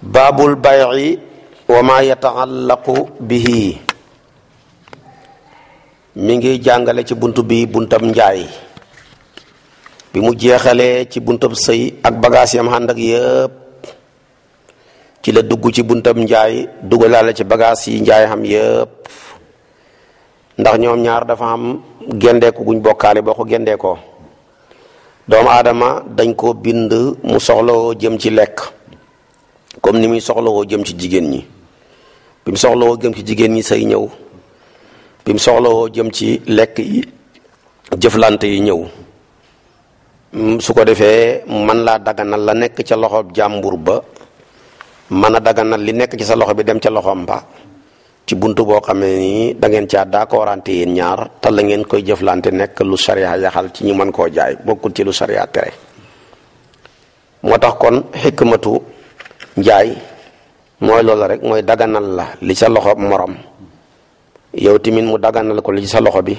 baabul bay'i wa ma bi bihi mu ngi jàngale ci bunt bi buntam njaay bi mu jeexalee ci buntab sëy ak bagaas yam ànd ak ci la dugg ci buntam njaay dugalaale ci bagaas yi njaay xam yëpp ndax ñoom ñaar dafa am gendeeku guñ bokkaale boo ko gendeekoo doomu aadama dañ koo bind mu soxlawoo jëm ci lekk comme ni muy soxlawoo jëm ci jigéen ñi bi mu soxlawoo jëm ci jigéen ñi say ñëw bi mu soxlawoo jëm ci lekk yi jëflante yi ñëw mm, su ko defee man laa daganal la nekk ca loxo jàmbur ba man a daganal li nekk ci sa loxo bi dem ca loxoom ba ci buntu boo xamee ni dangeen ngeen caa d'accordante yéen ñaar te la ngeen koy jëflante nekk lu sariya yaxal ci ñu mën koo jaay bokkul ci lu sariya tere moo tax kon xikmatu njaay mooy loolu rek mooy dagganal la li sa loxo morom yow tamit mu daganal ko li sa loxo bi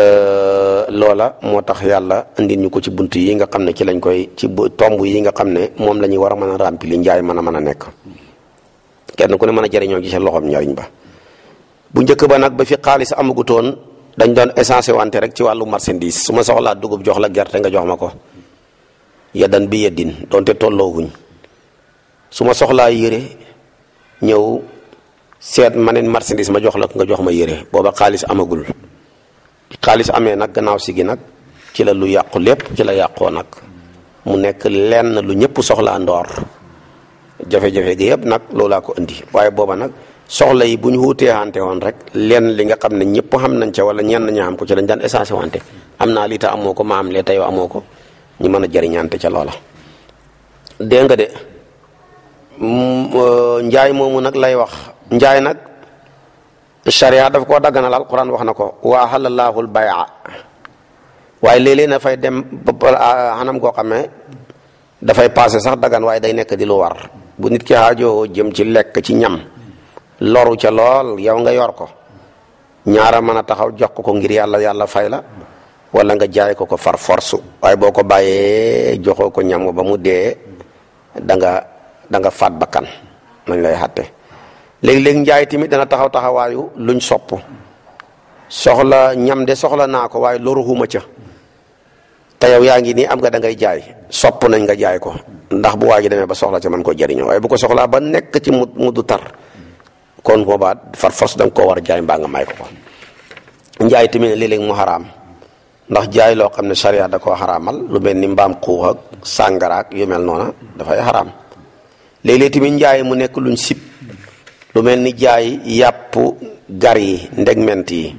euh, loola moo tax yàlla indi ñu ko ci bunt yi nga xam ne ci lañ koy ci tomb yi nga xam ne moom la ñuy war a mën a rempli njaay mën a mën a nekk kenn ku ne mën a jëriñoo ci sa loxom njariñ ba bu njëkk ba nag ba fi xaalis amagutoon dañ daan essence wante rek ci wàllu marchandise su ma soxlaa dugub jox la gerte nga jox ma ko yeddan bi yeddin donte tolloowuñ su ma soxlaa yére ñëw seet ma neen marchandise ma jox la nga jox ma yére booba xaalis amagul xaalis amee nag gannaaw si gi nag ci la lu yàqu lépp ci la yàqoo nag mu nekk lenn lu ñëpp soxlaa ndoor jafe-jafe gi yëpp nag loolaa ko indi waaye booba nag soxla yi bu ñu wutee wante woon rek lenn li nga xam ne ñëpp xam nañ ca wala ñenn ña xam ko ci lañ daan essence wante am naa lii amoo ko ma am lee tayoo amoo ko ñu mën a jëriñante ca loola dégg nga Mm, euh, njaay moomu nag lay wax njaay nag charia daf koo dagganal alquran wax na ko wa ahalallaahu al-bay'a waaye na fay dem xanam koo xam ne dafay passé sax dagan waaye day nekk di lu war bu nit ki xaajoo jëm ci lekk ci ñam loru ca lool yow nga yor ko ñaara mën a taxaw jox ko ko ngir yàlla yàlla fay la wala nga jaay ko ko far force waaye boo ko bàyyee joxoo ko ñam ba mu dee da da nga faat bakkan nañ lay xatte léegi léeg njaay tamit dana taxaw taxawaayu luñ sopp soxla ñam de soxla naa ko waaye loru xuma ca te yow yaa ngi nii am nga da ngay jaay sopp nañ nga jaay ko ndax bu waa ji demee ba soxla ca man ko jëriñoo waaye bu ko soxlaa ba nekk ci mu mudu tar kon boobaa far force da nga koo war a jaay mbaa nga may ko ko njaay tamit léeg-léeg mu xaraam ndax jaay loo xam ne charia da koo xaraamal lu mel ni mbaam xuux ak sàngaraak yu mel noona dafay xaraam léeg-léeg tamit njaay mu nekk luñ sib lu mel ni jaay yàpp gar yi ndeg ment yi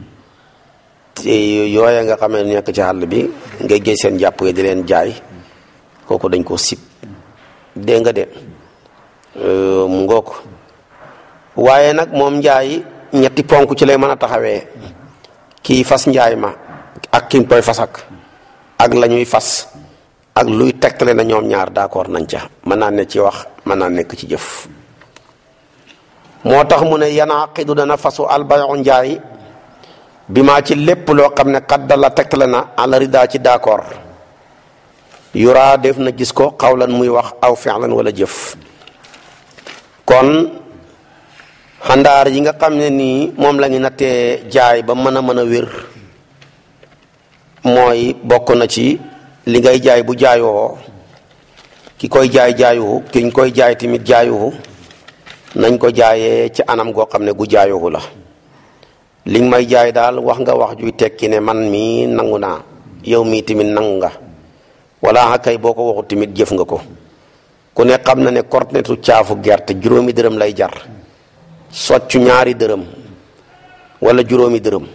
yooya nga xamee nekk ci àll bi ngay géej seen jàpp yi di leen jaay kooku dañ koo sib dégg de euh, mu ngook waaye nag moom njaay ñetti ponk ci lay mën a taxawee kii fas njaay ma ak ki koy fasak ak la ñuy fas ak luy tegtale na ñoom ñaar accord nañ ca mën na ne ci wax mën naa nekk ci jëf moo tax mu ne yanaaqidu dana fasu albayu njaay bi maa ci lépp loo xam ne xadda la tegtale na àla rida ci d'accord yuraa def na gis ko xaw lan muy wax aw fi'lan wala jëf kon xandaar yi nga xam ne nii moom la na nattee jaay ba mën a mën a wér mooy bokk na ci li ngay jaay bu jaayoo ki koy jaay jaayuhu kiñ koy jaay tamit jaayuhu nañ ko jaayee ci anam goo xam ne gu jaayuhu la liñ may jaay daal wax nga wax juy tekki ne man mii nangu naa yow mii tamit nangu nga wala kay boo ko waxut tamit jëf nga ko ku ne xam na ne kornetu caafu gerte juróomi dërëm lay jar soccu ñaari dërëm wala juróomi dërëm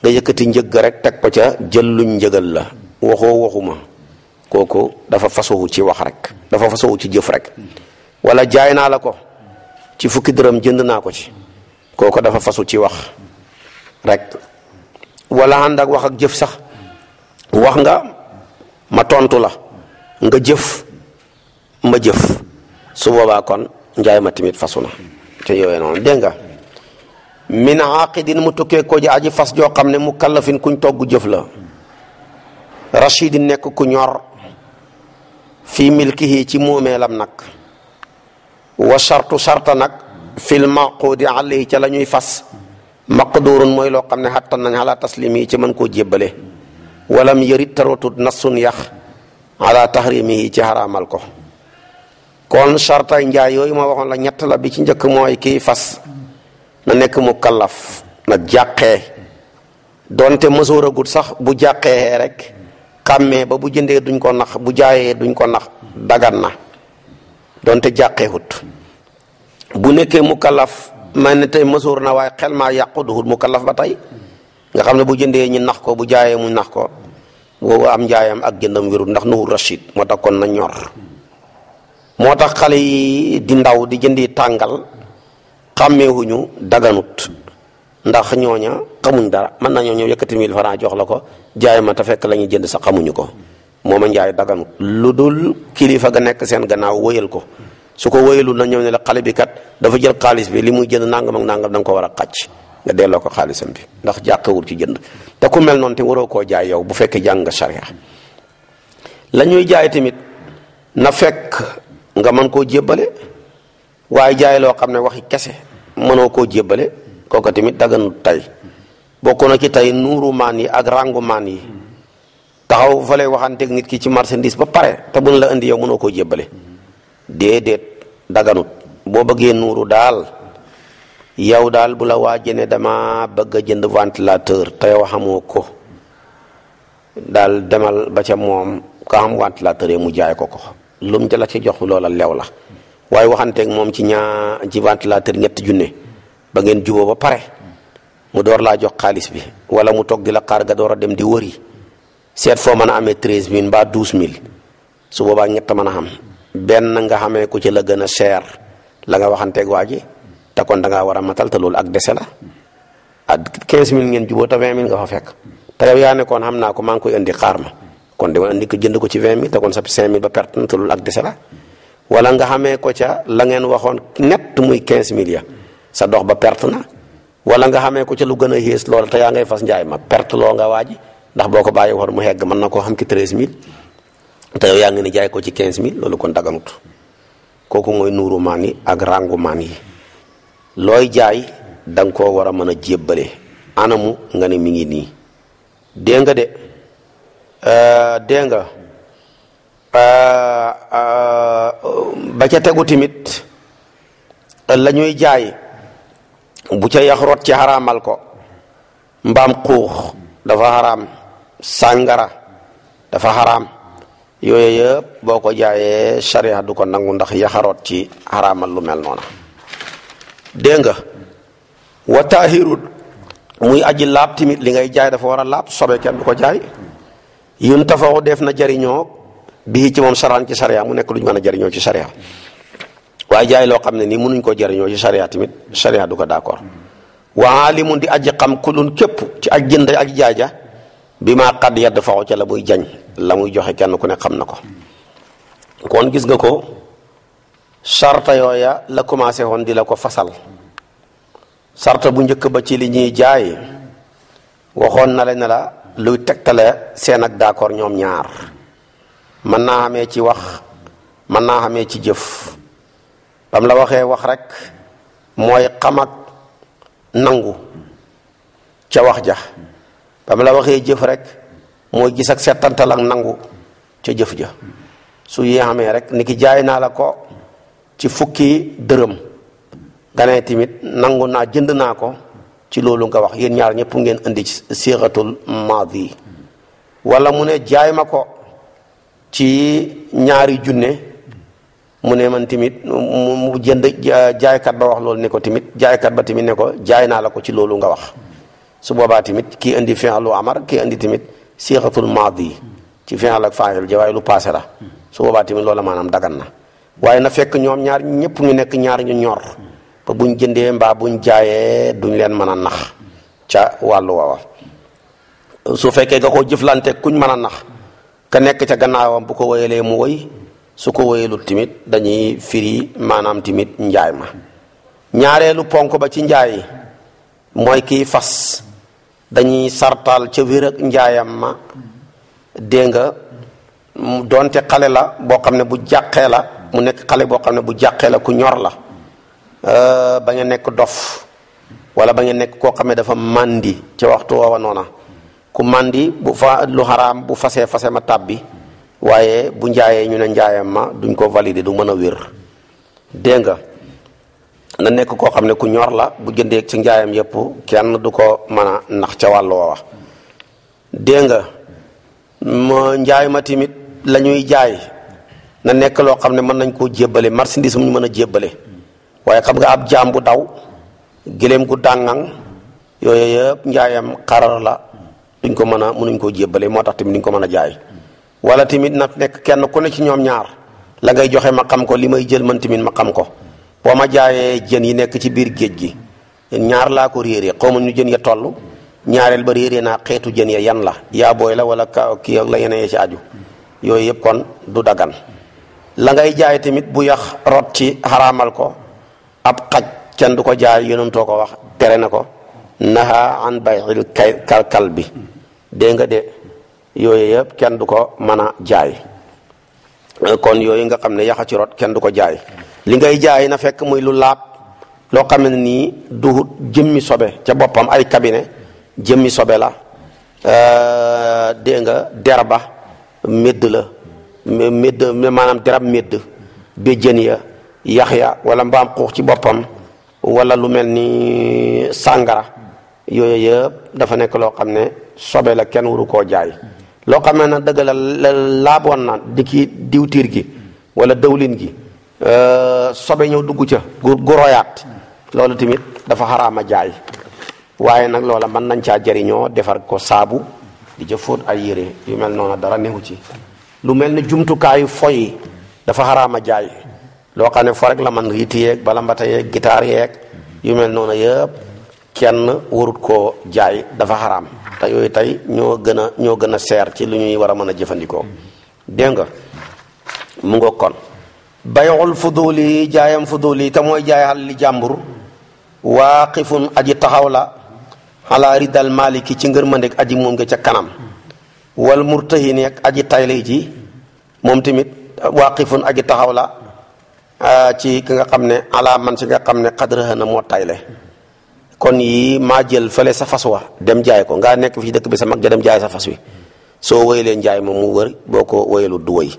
nga yëkkati njëgg rek teg ko ca jël luñ njëgal la waxoo waxuma kooku dafa fasowu ci wax rek dafa fasowu ci jëf rek wala jaay naa la ko ci fukki dërëm jënd naa ko ci kooku dafa fasu ci wax rek wala ànd ak wax ak jëf sax wax nga ma tontu la nga jëf ma jëf su boobaa kon njaay ma tamit fasu na te noonu dégg nga min aqidin mu tukkee ko ji aji fas joo xam ne mu kalafin kuñ togg jëf la rachidin nekk ku ñor fii milkihi ci moomeelam nag wa chartu charta nag fil maquudi alayhi ca la ñuy fas maqdurun mooy loo xam ne xattan nañ ala taslimi yi ci mën koo jébbale walam yërit tarotut nassun yax ala tahrimihi ci xaraamal ko kon chartay njaa yooyu ma waxoon la ñett la bi ci njëkk mooy kii fas na nekk mu kallaf na jàqee donte mësoor agut sax bu jàqee rek xàmmee ba bu jëndee duñ ko nax bu jaayee duñ ko nax dagan na donte jàqeewut bu nekkee mukallaf man ne tey mësuur na waaye xel maa yàqu duhut mukallaf ba tey nga xam ne bu jëndee ñu nax ko bu jaayee mu nax ko boobu am njaayam ak jëndam wérul ndax nuhul rashid moo tax kon na ñor moo tax xale yi di ndaw di jëndi tàngal xàmmeewuñu daganut ndax ñooña xamuñ dara mën nañoo ñëw yëkkati mille francs jox la ko jaay ma te fekk la ñuy jënd sa xamuñu ko mooma njaay daganut lu dul kilifa ga nekk seen gannaaw wëyal ko su ko woyeelu na ñëw ne la xale bi kat dafa jël xaalis bi li muy jënd nangam nangam da ko war a xàcc nga delloo ko xaalisam bi ndax jàqewul ci jënd te ku mel noonu te waroo koo jaay yow bu fekkee jàng nga charia la jaay tamit na fekk nga mën koo jébbale waaye jaay loo xam ne waxi kese mënoo koo jébbale kooka tamit daganut tey bokk na ci tey nuuru maan yi ak rangu maan yi taxaw fa lay nit ki ci marchandise ba pare te buñ la indi yow mënoo koo jébbale déedéet daganut boo bëggee nuru daal yow daal bu la waajee ne dama bëgg a jënd ventilateur te yow ko daal demal ba ca moom ka xam ventilateur yi mu jaay ko ko lu mu la ca loola lew la waaye waxanteeg moom ci ñaa ci ventilateur ñetti junne ba ngeen juboo ba pare mu door laa jox xaalis bi wala mu toog di la xaar nga door a dem di wëri seet foo mën a amee treize mille mbaa douze mille su boobaa ñett mën a xam benn nga xamee ku ci la gën a cher la nga waxanteeg waa ji te kon da ngaa war a matal te loolu ak dese la ak quinze mille ngeen jubóo te vingt mille nga fekk te yow yaa kon naa ko maa ngi koy indi xaar kon dama indi ko ko ci vingt mille te kon sa cinq mille ba perte na te loolu ak dese la wala nga xamee ko ca la ngeen waxoon net muy quinze mille ya sa dox ba perte na. wala nga xamee ko ca lu gën a yées lool te yaa ngay fas njaay ma perte loo nga waaji ndax boo ko bàyyi woon mu hegg mën na ko xam ci 13000 te yow yaa ngi ne jaay ko ci 15000 loolu kon daganut kooku mooy nuuru maan yi ak rangu maan yi looy jaay danga ko koo war a mën a jébbale anamu nga ne mi ngi nii dégg nga de euh, dégg nga euh, euh, ba ca tegu tamit la ñuy jaay. bu ca yax ci xaraamal ko mbaam xuux dafa xaraam sàngara dafa xaram yooyu yëpp boo ko jaayee charia du ko nangu ndax yaxaroot ci xaraamal lu mel noona dégg nga wa taahirut muy aji laab tamit li ngay jaay dafa war a laab sobe kenn du ko jaay yun tafawu def na jariñoo bii ci moom saraan ci charia mu nekk lu ñu mën a jariñoo ci charia waaye jaay loo xam ne nii mënuñ koo jëriñoo ci charia tamit charia du ko d'accord wa alimun di aji xam kulun képp ci ak jënd ak jaay bi maa xadd yadd faxu ca la muy jañ la muy joxe kenn ku ne xam na ko kon gis nga ko sarta yooya la commencé woon di la ko fasal sarta bu njëkk ba ci li ñuy jaay waxoon na la ne la luy tegtale seen ak d'accord ñoom ñaar mën naa xamee ci wax mën naa xamee ci jëf bam la waxee wax rek mooy xam nangu ca wax ja bam la waxee jëf rek mooy gis ak settantal nangu ca jëf ja su yi amee rek ni ki jaay naa la ko ci fukki dërëm nga ne tamit nangu naa jënd naa ko ci loolu nga wax yéen ñaar ñëpp ngeen indi ci siratul maadi wala mu ne jaay ma ko ci ñaari junne mu ne man tamit mu jënd jaaykat ba wax loolu ne ko tamit jaaykat ba tamit ne ko jaay naa la ko ci loolu nga wax su boobaa tamit kii indi fi'lu amar kii indi tamit siixatul maadi ci fi'l ak faa'il ja waaye lu passé la su boobaa tamit loola maanaam dagan na waaye na fekk ñoom ñaar ñëpp ñu nekk ñaar ñu ñor ba buñ jëndee mbaa buñ jaayee duñ leen mën a nax ca wàllu wawa su fekkee nga ko jëflante kuñ mën a nax ka nekk ca gannaawam bu ko wéyalee mu wéy su ko wéyalul tamit dañuy firi maanaam tamit njaay ma ñaareelu ponk ba ci njaay mooy kiy fas dañuy sartaal ca wér njaayam ma dégg nga donte xale la boo xam ne bu jàqee la mu nekk xale boo xam ne bu jàqee la ku ñor la euh, ba nga nekk dof wala ba nga nekk koo xam ne dafa màndi ca waxtu woowa noona ku màndi bu fa lu xaraam bu fasee fase ma tàbbi waaye bu njaayee ñu ne njaayam ma duñ koo valider du mën a wér dénga na nekk koo xam ne ku ñor la bu jëndee ci njaayam yëpp kenn du ko mën a nax ca wàll woowa dégg nga ma njaay ma tamit la ñuy jaay na nekk loo xam ne mën nañ koo jébbalee marchandise mu ñu mën a jébbale waaye xam nga ab jaam bu daw gëléem gu dàngang yooyu yëpp njaayam xarar la duñ ko mën a mënuñ koo jébbale moo tax tamit ko mën a jaay wala tamit nag nekk kenn ku ne ci ñoom ñaar la ngay joxe ma xam ko li may jël man tamit ma xam ko boo ma jaayee jën yi nekk ci biir géej gi ñaar laa ko réeree xaw ma ñu jën ya toll ñaareel ba réeree naa xeetu jën ya yan la yaa la wala ka kii la yeneen ci aju yooyu yëpp kon du dagan la ngay jaay tamit bu yax rot ci xaraamal ko ab xaj kenn du ko jaay yonentoo ko wax tere na ko naha an bayil kal kal bi dégg nga de yooyu yëpp kenn du ko mën a jaay kon yooyu nga xam ne yaxa ci rot kenn du ko jaay li ngay jaay na fekk muy lu laab loo xam ne nii du jëmmi sobe ca boppam ay cabinet jëmmi sobe la euh, dégg nga derba médd la médd maanaam derab médd béjjën ya yax ya wala mbaam xuux ci boppam walla lu mel ni sàngara yooyu yëpp dafa nekk loo xam ne sobe la kenn waru koo jaay loo xam ne nag dëgg la laaboon na di ki diwtiir gi wala dawlin gi euh, sobe ñëw dugg ca gu goroyaat loolu tamit dafa a jaay waaye nag loola mën nañ caa jariñoo defar ko saabu di ca ay yére yu mel noonu dara newu ci lu mel ni jumtukaayu foy dafa a jaay loo xam ne fo rek la man riiti yeeg bala mbata yeeg gitaar yeeg yu mel noonu yëpp kenn warut koo jaay dafa xaraam te yooyu tey ñoo gën a ñoo gën a seer ci lu ñuy war a mën a jëfandikoo dégg nga mu nga kon bayul fuduli jaayam fuduli te mooy jaay xal li jàmbur waaqifun aji taxaw la ala ridal maliki ci ngërmandik aji moom nga ca kanam wal murtahini ak aji tayle ji moom tamit waaqifun aji taxaw la ci ki nga xam ne ala man si nga xam ne xadrahana moo tayle kon yi maa jël fële sa fas wa dem jaay ko ngaa nekk fi ci dëkk bi sa mag ja dem jaay sa fas wi soo wéyalee njaay moom mu wër boo ko wéyalut du wéy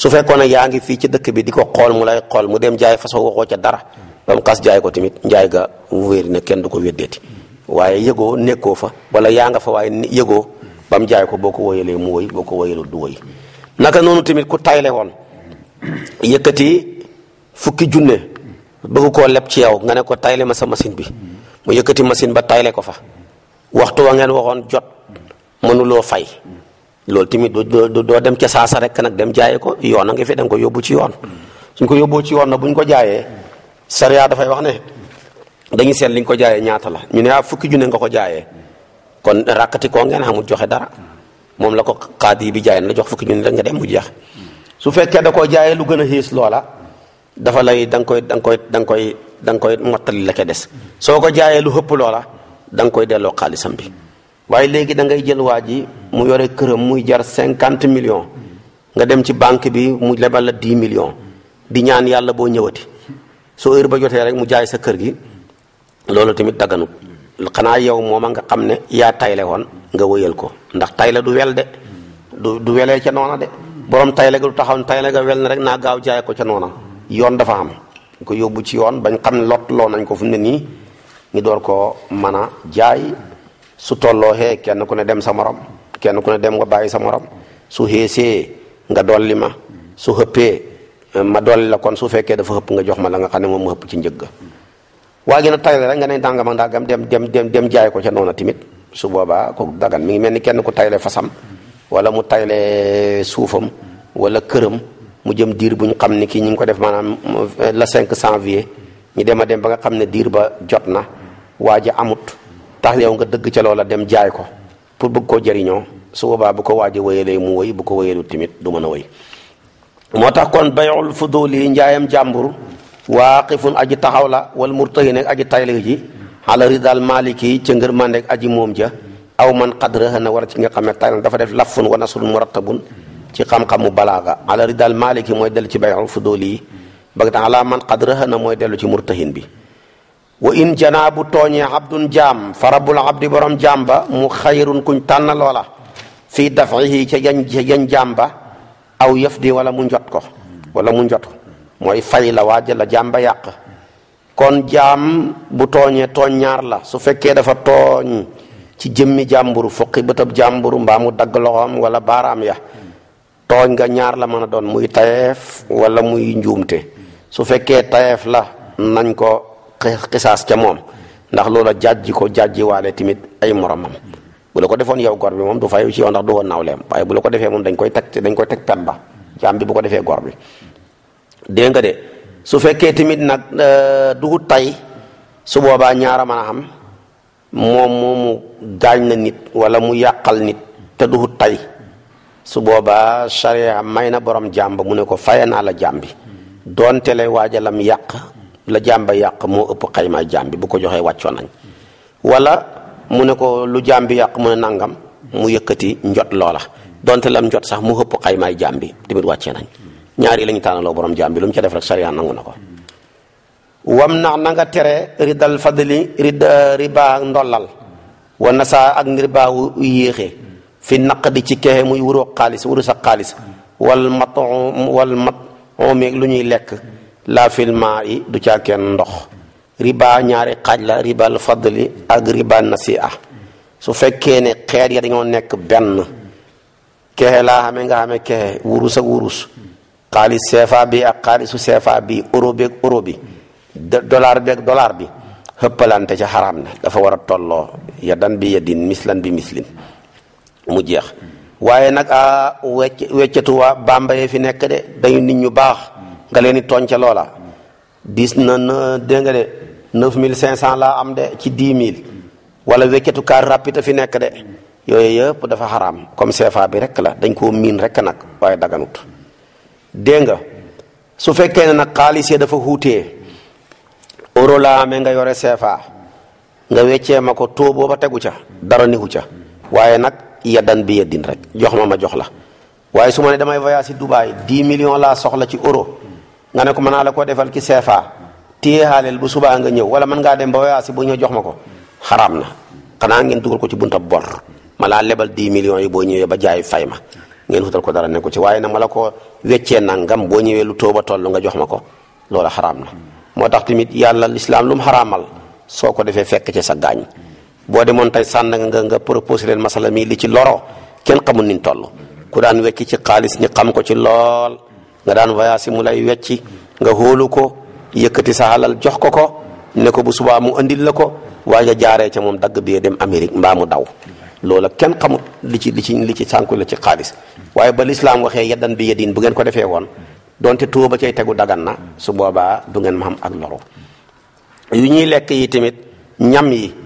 su fekkoon ne yaa ngi fii ci dëkk bi di ko xool mu lay xool mu dem jaay fas wa waxoo ca dara ba mu xas jaay ko tamit njaay ga wéer na kenn du ko weddeeti waaye yëgoo nekkoo fa wala yaa nga fa waaye yëgoo ba mu jaay ko boo ko wéyalee mu wéy boo ko wéyalut du wéy naka noonu tamit ku tayle woon yëkkati fukki junne koo leb ci yow nga ne ko ma sa machine bi mu yëkkati machine ba tayle ko fa waxtu wa ngeen waxoon jot mënuloo fay loolu tamit doo doo dem ca saasa rek nag dem jaaye ko yoon a ngi fi da ko yóbbu ci yoon suñ ko yóbboo ci yoon na bu ñu ko jaayee sariya dafay wax ne dañuy seet liñ ko jaayee ñaata la ñu ne ah fukki junne nga ko jaayee kon rakkati koo ngeen xamul joxe dara moom la ko xaadi bi jaay na jox fukki junne rek nga dem mu jeex su fekkee da ko jaayee lu gën a xiis loola dafa lay da nga koy da koy da nga koy la ca des soo ko jaayee lu hëpp loola da nga koy delloo xaalisam bi waaye léegi da ngay jël waa ji mu yore këram muy jar cinquante million nga dem ci banque bi mu lebal la dix millions di ñaan yàlla boo ñëwati soo heure ba jotee rek mu jaay sa kër gi loolu tamit dagganut xanaa yow mooma nga xam ne yaa tayle woon nga wëyal ko ndax tayle du wel de du du welee ca noona de borom tayle ga du taxaw tayle ga wel rek naa gaaw jaay ko ca noona yoon dafa am ñu ko yóbbu ci yoon bañ xam ne lottloo nañ ko fu ne nii ñu door koo mën a jaay su tolloo xee kenn ku ne dem sa morom kenn ku ne dem nga bàyyi sa morom su xeesee nga dolli ma su xëppee eh, ma dolli la su fekkee dafa xëpp nga jox ma la nga xam ne moom mu xëpp ci njëgg waa gi na tayle rek nga ne ndàngam ak ndàngam dem dem dem dem jaay ko ca noona tamit su boobaa ko dagan mi ngi mel ni kenn ku tayle fasam wala mu tayle suufam walla këram mu jëm diir bu ñu xam ni kii ñu ngi ko def maanaam le 5 janvier ñu dem a dem ba nga xam ne diir ba jot na waa ji amut tax yow nga dëgg ca loola dem jaay ko pour bëgg koo jariñoo su boobaa bu ko waaji wéyalee mu wéy bu ko wéyalu tamit du mën a wéy moo tax kon bayul fuduli njaayam jàmbur waaqifun aji taxaw la wal murtahi nekk aji tayla ji ala ridal maliki ca ngër mandek aji moom ja aw man xadraha na war a ci nga xam ne tayla dafa def lafun wa mu murattabun ci xam-xamu balaaga ala ridal maliki mooy dellu ci bay'ul fu yi ba tax ala man qad rahana mooy dellu ci murtahin bi wa in janaa bu tooñe abdun jaam fa rabbul abdi borom jaam ba mu xayrun kuñ tànn loola fi dafihi ca jañ aw yëf di wala mu jot ko wala mu njot mooy fay la waaja la jaam ba yàq kon jaam bu tooñee tooñ ñaar la su fekkee dafa tooñ ci jëmmi jàmburu fukki bëtab jàmburu mbaa mu dagg loxoom wala baaraam ya tooñ nga ñaar la mën a doon muy tayeef wala muy njuumte su fekkee tayeef la nañ ko xisaas ca moom ndax loola jàjji ko jàjji waale tamit ay moromam bu la ko defoon yow gor moom du fayu ci yow ndax du woon nawleem waaye ko defee moom dañ koy teg dañ koy teg pet ba jaam bi bu ko defee gor bi nga de su fekkee tamit nag euh, du tay su boobaa ñaara mën a xam moom moomu gaañ na nit wala mu yàqal nit te du tay su boobaa charia may na borom jàmb mu ne ko faye naa la jàmbi doonte lay waajalam yàq la jàmba yàq moo ëpp xaymaay jambi bu ko joxee wàccoo nañ wala mu ne ko lu jàmbi yàq mu ne nangam mu yëkkati njot loola doonte lam jot sax mu ëpp xaymaay jàmbi tamit wàccee nañ ñaari la ñu tànnaloo borom jàmbi lu mu ca def rek charia nangu na ko wam nax na nga tere ridal fadli rid riba ndollal wa nasa ak niribaawu yéexee fi naqdi ci kexe muy wuro xaalis wuru sa xaalis wal mat wal mat omeeg lu ñuy lekk la filma yi du caa kenn ndox riba ñaari xaaj la ribal fadli ak riba a su fekkee ne xeet ya dañoo nekk benn kexe laa xamee nga xamee kexe wurus wurus xaalis CFA bi ak xaalisu CFA bi euro bi ak euro bi dollar bi ak dollar bi xëppalante ca xaraam na dafa war a tolloo yadan bi yadin mislan bi mislin mu jeex waaye nag a wecc weccatu waa Bàmba yi fi nekk de dañu nit ñu baax nga leen di tooñ ca loola diis na na dégg nga de neuf mille cinq cent laa am de ci dix mille wala weccatu car rapide fi nekk de yooyu yëpp dafa xaram comme CFA bi rek la dañ koo miin rek nag waaye daganut dégg nga su fekkee ne nag xaalis yi dafa xuutee euro laa amee nga yore CFA nga weccee ma ko taux booba tegu ca dara niku ca waaye nag yadan bi yadin rek jox ma ma jox la waaye su ma ne damay voyage si Dubaay 10 millions laa soxla ci euro nga ne ko mën naa la ko defal ci CFA téye xaaleel bu subaa nga ñëw wala mën ngaa dem ba voyage boo ñu ñëw jox ma ko xaraam na xanaa ngeen dugal ko ci bunta bor ma laa lebal 10 millions yi boo ñëwee ba jaay fay ma ngeen xutal ko dara ne ko ci waaye nag ma la ko weccee nangam boo ñëwee lu tooba toll nga jox ma ko loola xaraam na moo tax tamit yàlla lislaam lu mu xaraamal soo ko defee fekk ci sa gaañ boo demoon tey sànn nga nga proposé leen masala mii li ci loro kenn xamul niñ toll ku daan wecc ci xaalis ñi xam ko ci lool nga daan voyage mu lay wecci nga hóolu ko yëkkati sa alal jox ko ko ne ko bu subaa mu andil la ko waaye nga jaaree ca moom dagg bee dem Amérique mbaa mu daw loola ken xamut li ci li ci li ci sànku la ci xaalis waaye ba lislaam waxee yeddan bi yedin bu ngeen ko defee woon donte tuuba cay tegu dagan na su boobaa du ngeen ma xam ak loro yu ñuy lekk tamit ñam yi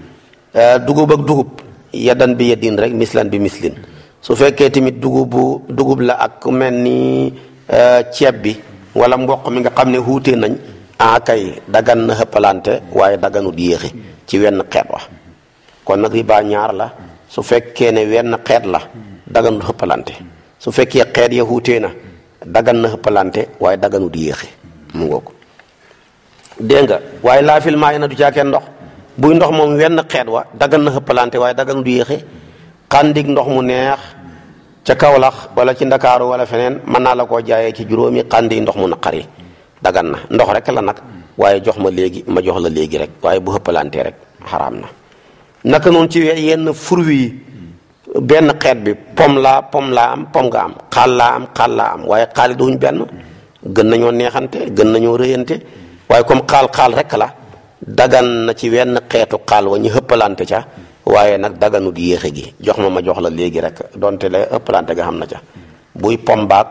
Euh, dugub ak dugub yadan bi yadin rek mislan bi mislin su fekkee tamit dugubu dugub la ak mel ni euh, ceeb bi wala mboq mi nga xam ne wuute nañ ah kay dagan na xëppalante waaye daganut yéexe ci wenn xeet wa kon nag riba ñaar la su fekkee ne wenn xeet la daganut xëppalante su fekkee xeet ya wuute na daggan na xëppalante waaye daganut yéexe mu ngoog dégg nga waaye laa fil maa na du caakeen ndox buy ndox moom wenn xeet wa daggan na xëppalante waaye daggan du yéexe xandik ndox mu neex ca Kawlax wala ci ndakaaru wala feneen mën naa la koo jaayee ci juróomi xandik ndox mu naqari daggan na ndox rek la nag waaye jox ma léegi ma jox la léegi rek waaye bu xëppalantee rek xaraam na naka noonu ci yenn fur yi benn xeet bi pom laa pom laa am pom nga am xaal laa am xaal laa am waaye xaali duñ benn gën nañoo neexante gën nañoo rëyante waaye comme xaal xaal rek la dagan na ci wenn xeetu xaal wa ñu hëppalante ca waaye nag daganut yéexe gi jox ma ma jox la léegi rek donte la hëppalante ga xam na ca buy pom baag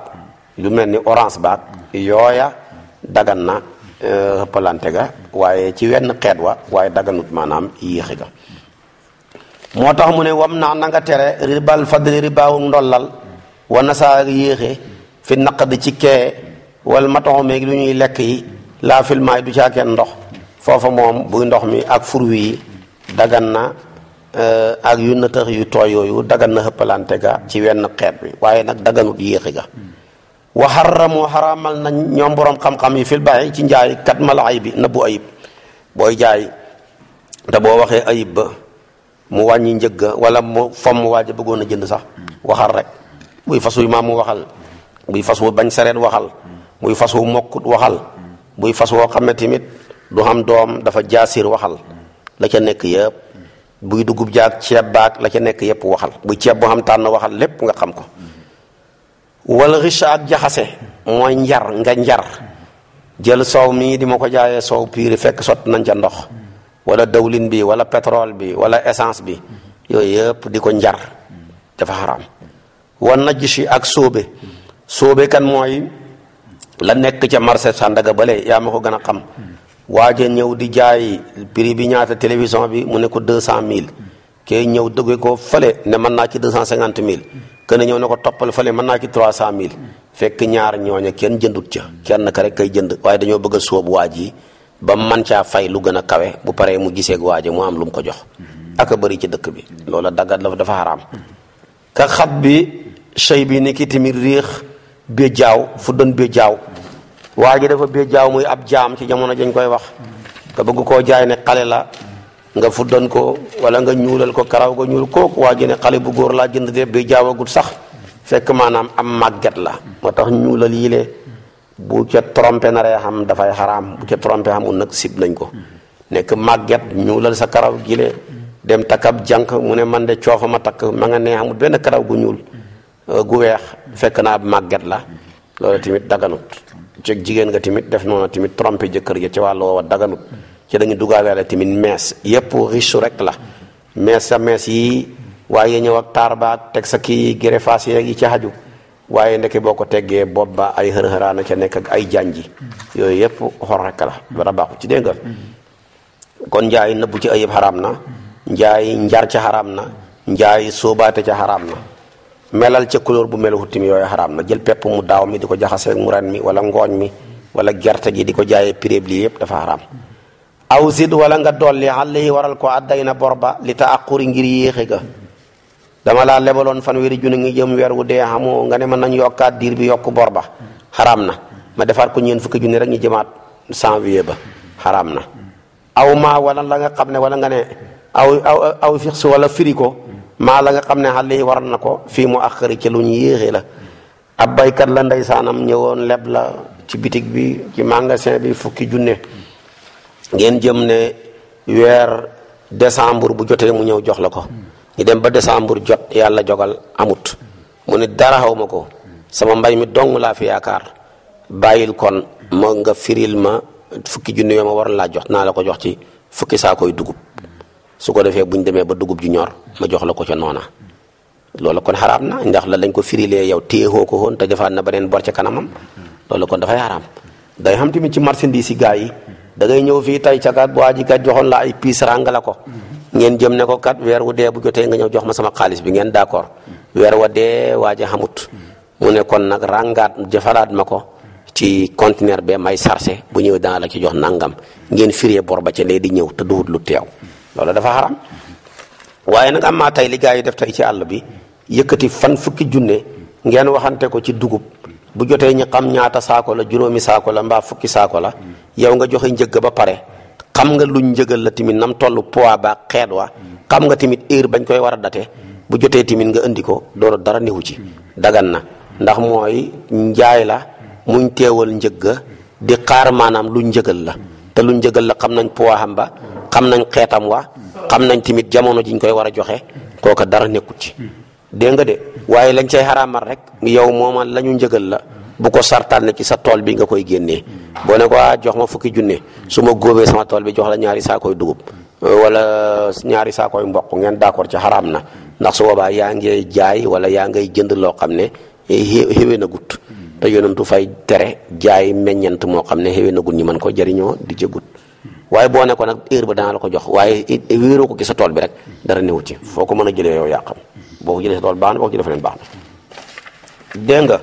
lu mel ni orange baag yooya dagan na euh, hëppalante ga waaye ci wenn xeet wa waaye daganut maanaam yéexe ga moo tax mu ne wam na na nga tere ribal fadli ribaawu ndollal wa nasaa yéexe fi naqadi ci kee wal matoxo meegi lu ñuy lekk yi laa filmaay du caakeen ndox foofa moom buy ndox mi ak fur yi dagan na euh, ak yu na yu tooy yooyu dagan na ga ci wenn xeet bi waaye nag daganut yéexi ga wa xarramu xaraamal nañ ñoom boroom xam-xam yi fil ci njaay kat mala ayib bi nëbbu ayib booy jaay te boo waxee ayib ba mu wàññi njëgg wala mu fomm waaja bëggoon a jënd sax waxal rek buy fas wu maam mu waxal buy fas wu bañ sareet waxal buy fas wu mokkut waxal buy fas woo xam ne du xam doom dafa jaasir waxal la ca nekk yëpp buy dugub jaag ceeb baag la ca nekk yëpp waxal bu ceeb bu xam tànn waxal lépp nga xam ko wala riche ak jaxase mooy njar nga njar jël soow mii di ma ko jaayee soow piiri fekk sot nañ ca ndox wala dawlin bi wala pétrole bi wala essence bi yooyu yëpp di ko njar dafa xaraam wan na gis ak soobe sóobe kan mooy la nekk ca marché Sandaga bale yaa ma ko gën a xam waaje ñëw di jaay prix bi ñaata télévision bi mu ne ko deux cent mille kee ñëw dëgge ko fale ne mën naa ci deux cent cinquante mille kene ñëw ne ko toppal fële mën naa ci trois cent mille fekk ñaar ñooña kenn jëndut ca kenn ka rek kay jënd waaye dañoo bëgg a sóobu waaj yi ba man caa fay lu gën a kawe bu paree mu giseeg waaje mu am lu ko jox ak a bëri ci dëkk bi loola daggat la dafa xaraam ka xat bi sëy bi ni ki tamit réex bi jaaw fu doon bi jaaw waa ji dafa bee jaaw muy ab jaam ci jamono jañ koy wax nga bëgg koo jaay ne xale la nga fuddan ko wala nga ñuulal ko karaw nga ñuul ko waa ji ne xale bu góor laa jënd de bee jaawagul sax fekk maanaam am màgget la moo tax ñuulal yi le bu ca trompé na ree xam xaraam bu ca trompé xamul nag sib nañ ko nekk màgget ñuulal sa karaw gi le dem takkab jànq mu ne man de coofa ma takk ma nga nee xamul benn karaw gu ñuul gu weex fekk naa ab màgget la loolu tamit daganut ceeg jigéen nga tamit def noonu tamit trompé jëkkër ja ci wàllu woowa daganut ci dañu dugaaleele tamit mees yépp riche rek la mees sa mees yi waaye ñëw ak taar ba teg sa ki gréfaas yeeg yi ci xaju waaye ndeke boo ko teggee bopp ba ay xër-xëraana ca nekk ak ay janji yooyu yépp xor rek la dara baaxu ci dégg nga kon njaay nëbbu ci ayib xaraam na njaay njar ca xaraam na njaay soobaate ca xaraam na melal ca couleur bu melu hutti mi yooyu xaraam na jël pepp mu daaw mi di ko jaxaseeg mu ren mi wala ngooñ mi wala gerte gi di ko jaayee prix lii yëpp dafa xaraam aw zid wala nga dolli alayhi waral ko adday na bor ba li taaquri ngir yéexe ga dama laa lebaloon fanweeri junni ngi jëm weer wu dee xamoo nga ne mën nañ yokkaat diir bi yokk bor ba xaraam na ma defaat ko ñeen fukki junni rek ñu jëmaat janvier ba xaraam na aw maa wala la nga xam ne wala nga ne aw aw aw wala firi maa la nga xam ne xale yi waral na ko fii mu àqari ci lu ñu yéexee la ab baykat la ndeysaanam ñëwoon leb la ci bitig bi ci magasin bi fukki junne ngeen jëm ne weer décembre bu jotee mu ñëw jox la ko ñu dem ba décembre jot yàlla jogal amut mu ne dara xaw ko sama mbay mi dong laa fi yaakaar bàyyil kon ma nga firil ma fukki junne yoo ma waroon laa jox naa la ko jox ci fukki saa koy dugub su ko defee ñu demee ba dugub ji ñor ma jox la ko ca noona loolu kon xaraam na ndax la lañ ko firilee yow téexoo ko woon te defaat na beneen bor ca kanamam loolu kon dafay xaraam day xam tamit ci marchandise yi gaa yi da ñëw fii tay ca kat bu waa ji kat joxoon la ay piis ràng ko ngeen jëm ne ko kat weer wu dee bu jotee nga ñëw jox ma sama xaalis bi ngeen d'accord weer wa dee waa ji mu ne kon nag ràngaat jëfalaat ma ko ci conteneur be may bu ñëw dana la ci jox nangam ngeen firee bor ba ca lee di ñëw te duhut lu teew loolu dafa xaram waaye nag amaa tey li yi def tey ci àll bi yëkkati fan fukki junne ngeen waxante ko ci dugub bu jotee ñi xam ñaata saako la juróomi saako la mbaa fukki saako la yow nga joxe njëgg ba pare xam nga luñ njëgal la tamit nam toll poids ba xeet wa xam nga tamit heure bañ koy war a date bu jotee tamit nga indi ko doora dara newu ci dagan na ndax mooy njaay la muñ teewal njëgga di xaar maanaam lu njëgal la te luñ jëgal la nañ poids am ba xam nañ xeetam wa xam nañ tamit jamono jiñ koy war a joxe kooka dara nekkut ci dégg nga de waaye lañ cay xaraamal rek yow mooma la ñu njëgal la bu ko sartal ne ci sa tool bi nga koy génnee boo ne ko ah jox ma fukki junne suma ma góobee sama tool bi jox la ñaari saakoy dugub wala ñaari saakoy mboq ngeen d'accord ci xaraam na ndax su boobaa yaa ngay jaay wala yaa ngay jënd loo xam ne eh, xéwee na gut te yonentu fay tere jaay meññent moo xam ne xewee nagul ñi mën ko jëriñoo di jëgut waaye boo ne ko nag heure ba danaa la ko jox waaye wéeroo ko ci sa tool bi rek dara néew ci foo ko mën a jëlee yow yaa boo ko jëlee sa tool baax na boo ko jëlee baax na dégg nga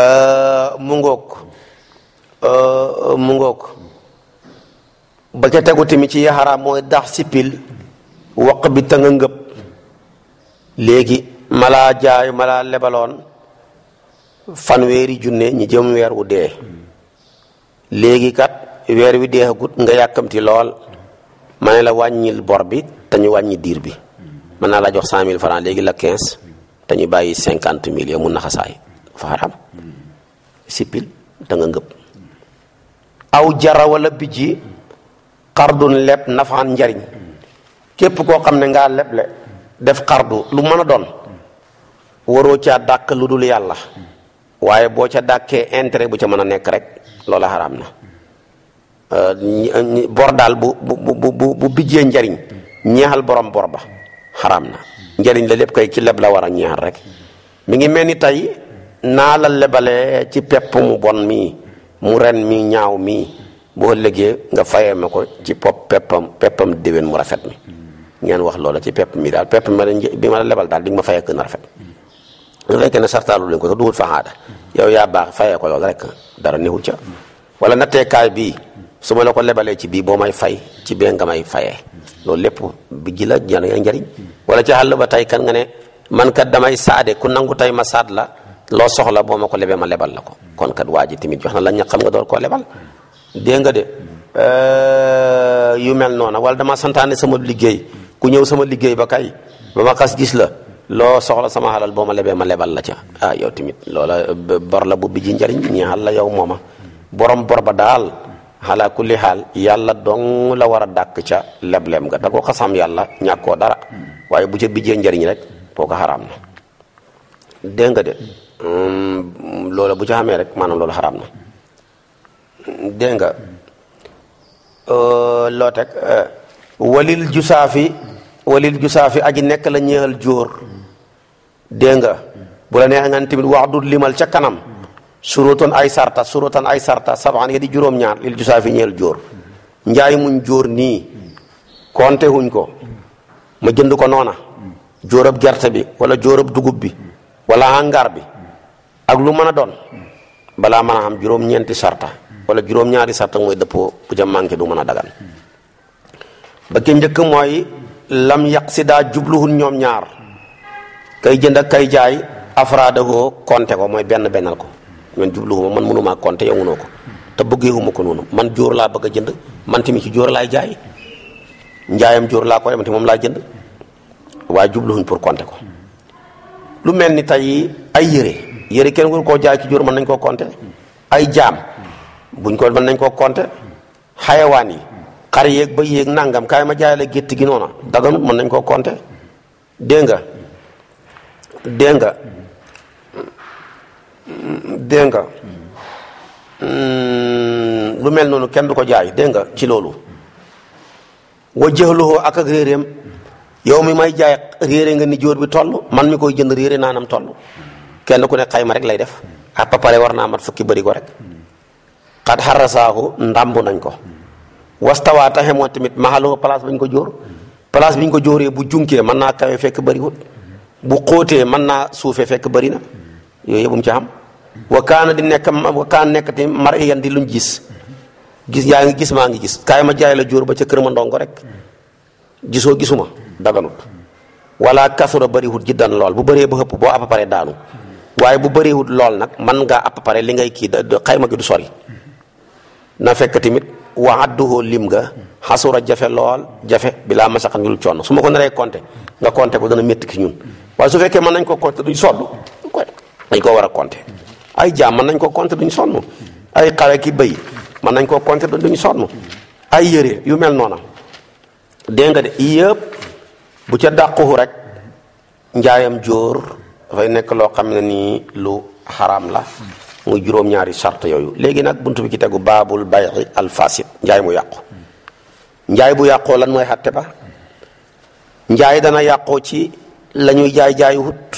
euh, mu ngoog euh, mu ngoog ba ca tegu tamit ci yaxaraam mooy dax sipil waq bi ta nga ngëp léegi malaa jaay malaa lebaloon fanweeri junne ñi jëm weer wu dee léegi kat weer wi deexagut nga yàkkamti lool ma ne la wàññil bor bi te ñu wàññi diir bi mën naa la jox cent mille francs léegi la quinze te ñu bàyyi cinquante mille yow mun na xasaay fa xaram sippil te nga ngëb aw jara wala bijji xardu leb nafaan njariñ képp koo xam ne ngaa leble def xardu lu mën a doon waroo caa dàkk lu dul yàlla waaye boo ca dàkkee intérêt bu ca mën a nekk rek loola xaram na euh, bor daal bu bu bu bu bijjee njariñ ñeexal borom bor ba xaram na njariñ la lépp kay ci leb la war a ñeexal rek mu ngi mel ni tey naa la lebalee ci pepp mu bon mii mu ren mii ñaaw mii boo ëllëgee nga fayee ma ko ci pop peppam peppam déwén mu rafet mi ngeen wax loola ci pepp mi daal pepp mi ma bi ma la lebal daal di nga ma fayee gën a rafet su fekkee ne sartaalu leen ko sax duhul faxaada yow yaa baax fayee ko loolu rek dara newul ca wala natteekaay bii su ma la ko lebalee ci bii boo may fay ci bee nga may fayee loolu lépp bi ji la njariñ wala ci xàll ba tey kan nga ne man kat damay saade ku nangu tey ma saat la loo soxla boo ma ko lebee ma lebal la ko kon kat waa ji tamit jox na la ña xam nga door koo lebal dégg nga de euh, yu mel noona wala dama santaane sama liggéey ku ñëw sama liggéey ba kay ba gis la loo soxla sama xalal boo ma lebee ma lebal la ca ah yow loola bor la bu bi ji njariñ ñeexal la yow mooma borom bor ba daal xalaa kulli xaal yàlla dong la war a dàkk ca leblem nga da ko xasam yàlla ñàkkoo dara waaye bu ca bijjee njariñ rek kooku xaraam na dégg hmm, loola bu ca xamee rek maanaam lool xaraam na dégg nga euh, loo teg euh, walil jusaafi walil jusaafi aji nekk ñeexal jóor dégg nga bu la neexee nga wax du limal ca kanam suróotan ay sarta suróotan ay sarta saban di juróom-ñaar lil saafi ñeel jóor njaay muñ jóor nii konte huñ ko ma jënd ko noona jóorab gerte bi wala jóorab dugub bi wala hangar bi ak lu mën a doon balaa mën a am juróom sarta wala juróom-ñaari sarta mooy dëppoo bu ca manqué du mën a dagan ba ke njëkk mooy lam yaq si daa jubluhun ñoom ñaar kay jënd ak kay jaay afraadahoo conté ko mooy benn bennal ko man jubluwuma man mënumaa konte yow mënoo ko te bëggeewuma ko noonu man jóor laa bëgg a jënd man tamit ci jóor laay jaay njaayam jóor laa ko yemante moom laa jënd waaye jubluwuñ pour conté ko lu mel ni tey ay yére yére kenn waru koo jaay ci jóor mën nañ koo konte ay jaam buñ ko mën nañ koo conté xayawaan yi kar yéeg ba yéeg nangam kaay ma jaay la gétt gi noona daganut mën nañ koo conté dégg nga dégg nga dégg nga hmm, lu mel noonu kenn du ko jaay dégg nga ci loolu wa jëxluhoo ak ak réeréem yow mi may jaay réeré nga ni jóor bi toll man mi koy jënd réeré naanam toll kenn ku ne xayma rek lay def à papare près war naa mat fukki bëri ko rek xat xarasaahu ndàmb nañ ko wastawaa taxe moom tamit maxaloo place bañ ko jóor place biñ ko jóoree bu junkee mën naa kawe fekk bëriwut bu xóotee mën naa suufee fekk bari na yooyu yëpp ci am wa kaana di nekk wa kaana nekk te mar yan gis gis yaa ngi gis maa ngi gis kaay ma jaay la jóor ba ca kër ma ndongo rek gisoo gisuma daganut wala kasura bëriwut jiddan lool bu bëree ba xëpp boo àpp pare daanu waaye bu bëriwut lool nag man ngaa àpp pare li ngay kii da xayma gi du sori na fekk tamit wa adduhoo lim ga xasura jafe lool jafe bi laa masaqan ñu lu coono su ma ko naree compter nga compter ko dana métti ki ñun waaye su fekkee mën nañ ko compter duñ sonn dañ ko war a compter ay jaam nañ ko compter duñ sonn ay xare ki bëy mën nañ koo compter duñ sonn ay yére yu mel noona dégg nga de yëpp bu ca dàquhu rek njaayam jóor dafay nekk loo xam ne nii lu xaraam la muy juróom-ñaari sart yooyu léegi nag buntu bi ci tegu baabul bayi al fasid njaay mu yàqu njaay bu yàqoo lan mooy xatte ba njaay dana yàqoo ci lañuy ñuy jaay jaay wut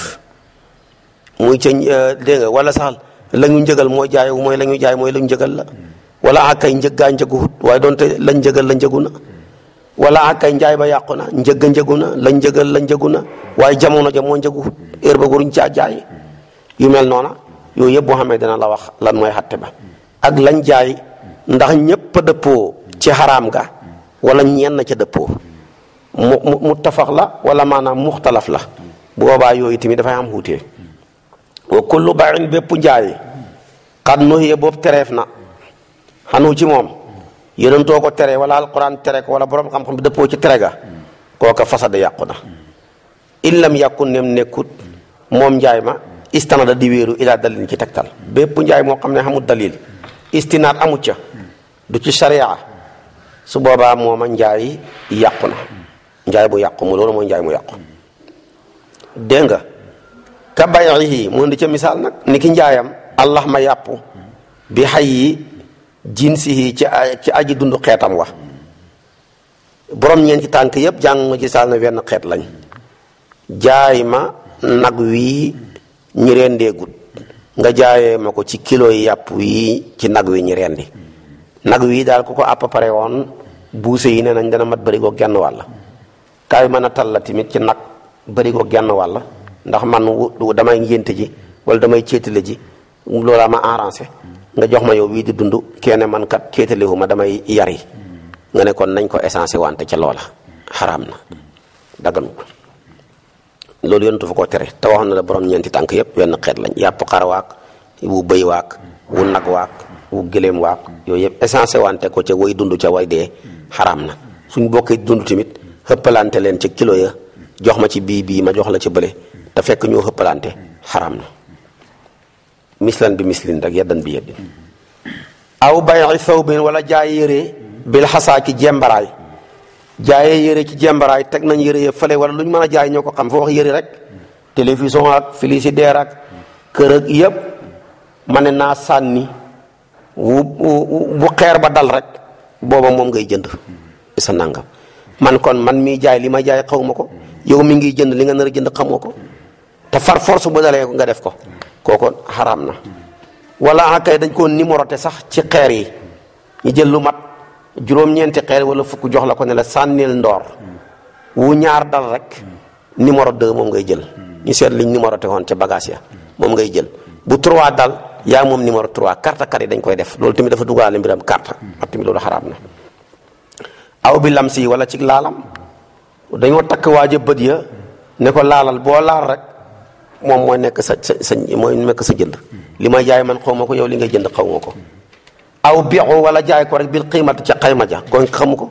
muy ca eh, dégg nga wala sax la njëgal mooy jaay mooy lañuy jaay mooy la ñu njëgal la wala ak kay njëg gaa njëgu wut waaye doonte lañ njëgal la njëgu na wala ak kay njaay ba yàqu na njëgga na lañ njëgal la njëgu na waaye jamono ja moo njëgu wut heure ba waruñ caa jaay yu mel noona yooyu yëpp boo xamee dina la wax lan mooy xatte ba ak lañ jaay ndax ñëpp dëppo dëppoo ci xaraam ga wala ñenn ca dëppoo mu mu muttafax la wala maanaam muxtalaf la bu boobaa yooyu tamit dafay am wuute wa kullu baayin bépp njaay xat nuhiya boobu tereef na xanu ci moom yonentoo ko tere wala alquran tere ko wala borom xam-xam bi dëppoo ci tere ga kooka fasada yàqu na in lam yàkkun nem nekkut moom njaay ma istanada di wéeru ilaa dalil ci tegtal bépp njaay moo xam ne xamul dalil istinaat amu ca du ci sharia su boobaa mooma njaay yàqu na njaay bu yàqu mu loolu mooy njaay mu yàqu dégg nga ka bayihi mu di ca misaal nag ni ki njaayam allah ma yàpp bi xayyi jinsihi ci ci aji dund xeetam wa borom ñeenti tànk yëpp jàng ci saal na wenn xeet lañ jaay ma nag wii ñi rendeegut nga jaayee ma ko ci kilo yi yàpp wii ci nag wi ñi rendi nag wii daal ku ko àpp pare woon buuse yi nee nañ dana mat bëri ko genn wàlla kaay mën a tal la tamit ci nag bëri ko genn walla ndax man damay ngénte ji wala damay céetale ji loolaa ma arrangé nga jox ma yow wii di dund kenn man kat céetalewu ma damay yari nga ne kon nañ ko essence wante ca loola xaraam na dagganu ko loolu yontu fa ko tere te wax na la borom ñeenti tànk yëpp wenn xeet lañ yàpp xar waak wu bay waak wu nag waak wu gëléem waak yooyu yëpp essence wante ko ca way dund ca way dee xaraam na suñ bokkee dund tamit xëppalante leen ci kilo ya jox ma ci bii bii ma jox la ci bële te fekk ñu xëppalante xaram na mislan bi mislin rek yeddan bi yeddin aw bay'i thawbin wala jaay yére bil xasaa ci jembaraay jaaye yére ci jembaraay teg nañ yére ya fële wala lu ñu a jaay ñoo ko xam foo wax yére rek télévision ak frigidaire ak kër ak yëpp ma ne naa sànni wu bu xeer ba dal rek booba moom ngay jënd sa nangam man kon man miy jaay li ma jaay xaw ma ko yow mi ngi jënd li nga nar a jënd xamoo ko te far force bu dalee ko nga def ko kooku xaraam na wala akay ah dañ koo te sax ci xeer yi ñu jël lu mat juróom-ñeenti xeer wala fukk jox la ko ne la sànnil ndoor wu ñaar dal rek numéro 2 moom ngay jël ñu seet liñ numéroté woon ca bagage ya moom ngay jël bu 3 dal yaa moom numéro 3 carte carte yi dañ koy def loolu tamit dafa duggaale mbiram carte ak tamit loolu xaraam na aw bi lam si wala ci laalam dañoo takk waaja bët ya ne ko laalal boo laal rek moom mooy nekk sa sa sa mooy nekk sa jënd li may jaay man xaw ma ko yow li ngay jënd xaw ma ko aw biu wala jaay ko rek bil xiimati ca xayma ja kon xam ko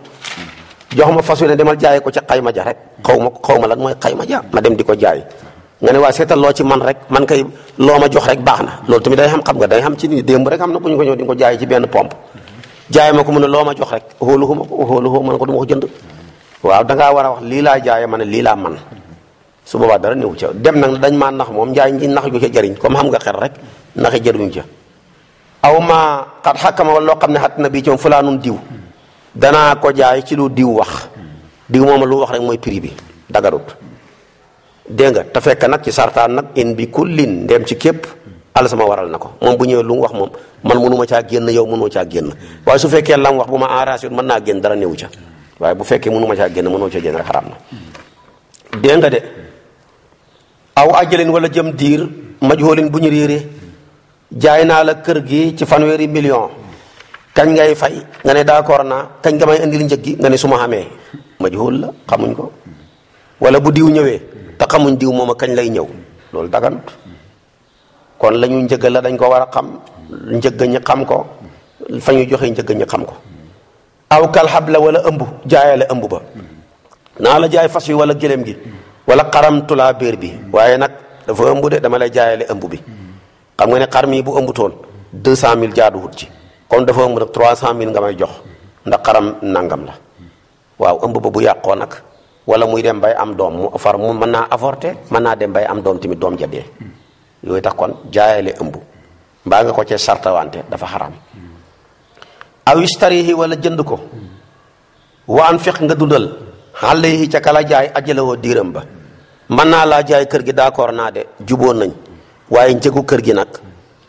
jox ma fas wi ne demal jaay ko ca xayma ja rek xaw ma xaw ma lan mooy xayma ja ma dem di ko jaay nga ne waa seetal loo ci man rek man kay loo ma jox rek baax na loolu tamit day xam xam nga day xam ci nii démb rek am na ku ñu ko ñëw di ko jaay ci benn pompe jaay ma ko mu ne loo ma jox rek xooluxuma ko xooluxuma ma ne ko du ma ko jënd waaw danga war a wax lii laa jaay ma ne lii laa man su boobaa dara néew ca dem nag dañ maa nax moom njaay ñi nax ju ca jëriñ comme xam nga xer rek naxi jëriñu ca aw ma xat xakkama wala loo xam ne xat bi bii ci moom fulaanun diw danaa ko jaay ci lu diw wax diw mooma lu wax rek mooy prix bi dagarut dégg nga te fekk nag ci sartaan nag in bi kullin ndem ci képp àll sama waral na ko moom bu ñëwee lu mu wax moom man mënu ma caa génn yow mënoo caa génn waaye su fekkee lam wax bu ma enragé mën naa génn dara néew ca waaye bu fekkee mënu ma caa génn mënoo caa génn rek xaraam na dégg nga de aw ajalin wala jëm diir majhoolin bu ñu réeree jaay naa la kër gi ci fanweeri million kañ ngay fay nga ne d'accord naa kañ nga may indil njëg gi nga ne su ma xamee majhool la xamuñ ko wala bu diw ñëwee te xamuñ diw moom a kañ lay ñëw loolu daganut kon la njëgal la dañ ko war a xam njëgg ñi xam ko fa ñu joxe njëgg ñi xam ko aw kalxab la wala ëmb jaayale ëmb ba naa la jaay fas wi wala gëléem gi wala xaram tulaa béer bi waaye nag dafa ëmb de dama lay jaayale ëmb bi xam nga ne xar mii bu ëmbutoon deux cent mille jaaduwut ci kon dafa ëmb nag trois cent mille nga may jox ndax xaram nangam la waaw ëmb ba bu yàqoo nag wala muy dem mbay am doom mu far mu mën naa avorter mën naa dem mbay am doom tamit doom ja yooyu tax kon jaayale ëmb mbaa nga ko cee sartawante dafa xaraam aw istarihi wala jënd ko waan an nga dundal alayhi ca kala jaay ajalawoo diiram ba mën naa laa jaay kër gi d'accord naa de juboo nañ waaye njëgu kër gi nag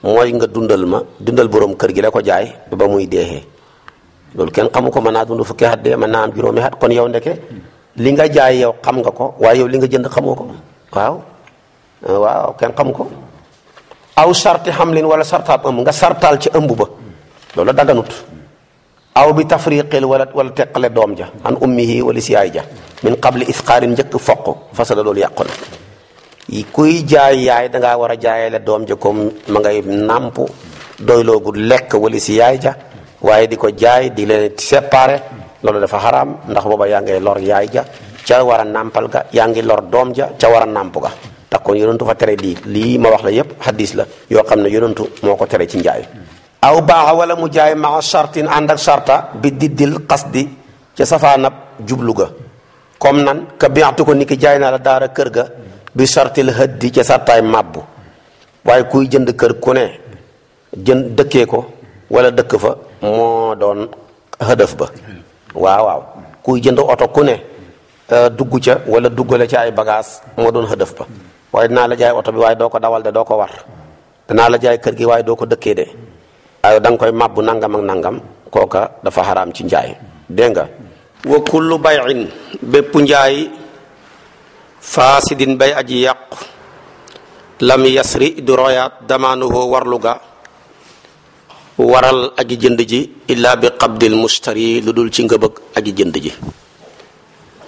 mooy nga dundal ma dundal borom kër gi la ko jaay ba muy deexee loolu kenn xamu ko mën naa dund fukki at man naa am juróomi at kon yow ndeke li nga jaay yow xam nga ko waaye yow li nga jënd xamoo ko waaw waaw kenn xam ko aw sarti xamlin wala sartaab ëmb nga sartaal ci ëmb ba loolu daganut aw bi tafriqil wala wala teqale doom ja an ummihi wala si yaay ja min qabli isqaarin njëkk foq fasada loolu yàqu kuy jaay yaay danga war a jaayale doom ja ko ma ngay nàmp doyloogu lekk wala yaay ja waaye di ko jaay di leen séparé loolu dafa xaraam ndax booba yaa lor yaay ja ca war a nàmpal ga yaa ngi lor doom ja ca war a nàmp ga tax kon yonentu fa tere lii lii ma wax la yépp xadis la yoo xam ne yonentu moo ko tere ci njaay aw baaxa wala mu jaay maa chartin ànd ak charta bi diddil xasdi ca safaanab jublu ga comme nan ka biatu ko ni ki jaay naa la daara kër ga bi chartil hëddi ca sartaay màbbu waaye kuy jënd kër ku ne jënd dëkkee ko wala dëkk fa moo doon hëdëf ba waaw waaw kuy jënd oto ku euh, dugg ca wala duggale ca ay bagaas moo doon hëdëf ba waaye dinaa la jaay oto bi waaye doo ko dawal de doo ko war danaa la jaay kër gi waaye doo ko dëkkee de ay da koy màbbu nangam ak nangam kooka dafa xaraam ci njaay dégg nga wa kullu bayin bépp njaay faasidin bay aji yàqu lam yasri du royaat damaanuhoo warlu ga waral aji jënd ji illaa bi qabdil mustari lu dul ci nga bëgg aji jënd ji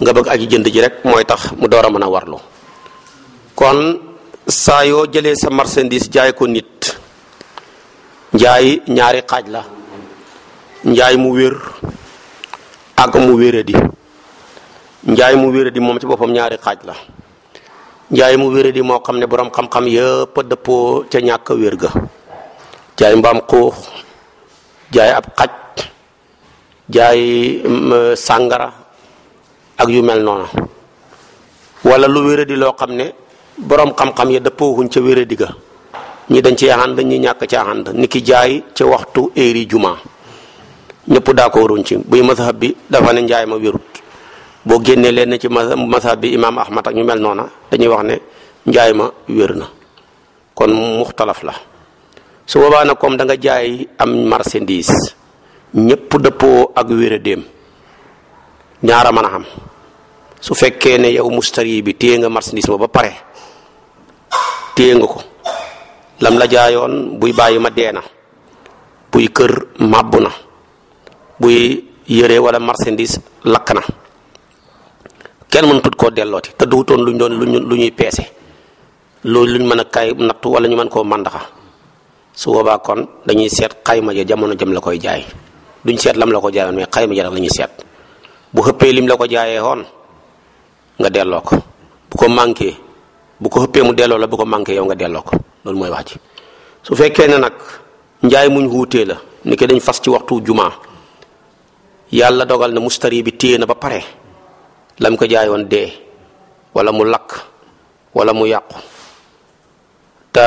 nga bëgg aji jënd ji rek mooy tax mu door a mën a warlu kon saa yoo jëlee sa marchandise jaay ko nit njaay ñaari xaaj la njaay mu wér ak mu wéradi njaay mu wéradi moom ci boppam ñaari xaaj la njaay mu wéradi moo xam ne boroom xam-xam yëpp dëppoo ca ñàkk wér ga jaay mbaam xuux jaay ab xaj jaay mm, sàngara ak yu mel noonu lu wéradi loo xam ne boroom xam-xam yi dëppoo wuñ ca wéré digga ñi dañ ci ànd ñi ñàkk ci ànd ni ki jaay ca waxtu heure juma ñëpp d'accord wuñ ci buy mazhab bi dafa ne njaay ma wérut boo génnee leen ci mazhab bi imaam Ahmad ak ñu mel noona dañuy wax ne njaay ma wér na kon muxtalaf la su boobaa nag comme danga nga jaay am marchandise ñëpp dëppoo ak wér déem ñaara mën su fekkee ne yow mustari bi téye nga marchandise ba ba pare téye nga ko lam la jaayoon buy bàyyi ma dee na buy kër màbbu na buy yëre wala marchandise lakk na kenn mënu tut koo dellooti te duutoon luñ doon luñ lu ñuy peese loolu luñ mën a kay nattu wala ñu mën koo màndaxa su boobaa kon dañuy seet xayma ja jamono jëm la koy jaay duñ seet lam la ko jaayoon mais xayma ja rek la ñuy seet bu xëppee lim la ko jaayee woon nga delloo ko bu ko manqué bu ko xëppee mu delloo la bu ko manqué yow nga delloo ko loolu mooy wax ji su fekkee ne nag njaay muñ wuutee la ni ki dañ fas ci waxtu jumaa yàlla dogal na mustari bi téye na ba pare lam ko jaayoon dee wala mu lakk wala mu yàqu te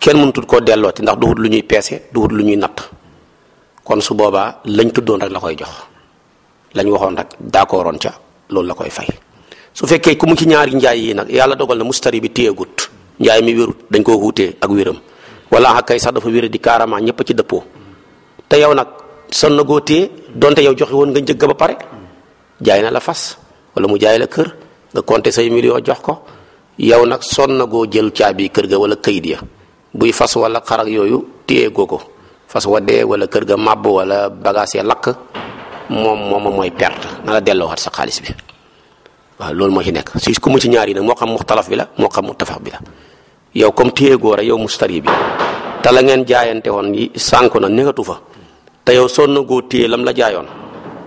kenn mënut koo dellooti ndax duhut lu ñuy peese duhut lu ñuy natt kon su boobaa lañ tuddoon rek la koy jox lañ waxoon rek d'accordoon ca loolu la koy fay su fekkee ku mu ci ñaari njaay yi nag yàlla dogal na mustari bi téyegut njaay mi wérut dañ koo wuutee ak wéram wala a kay sax dafa wéra di carrément ñëpp ci dëppoo te yow nag son na goo téye donte yow joxe woon nga jëgg ba pare jaay na la fas wala mu jaay la kër nga compter say million jox ko yow nag son na goo jël caabi kër ga wala kayit ya buy fas wala xarak yooyu téye goo ko fas wa dee wala kër ga màbb wala bagage ya lakk moom mooma mooy perte na la sa xaalis bi waa loolu moo ci nekk su ku mu ci ñaar yi nag moo xam muxtalaf bi la moo xam muttafaq bi la yow comme téye goo a yow mustari bi te la ngeen jaayante woon yi sànku na nekkatu fa te yow sonn goo téye lam la jaayoon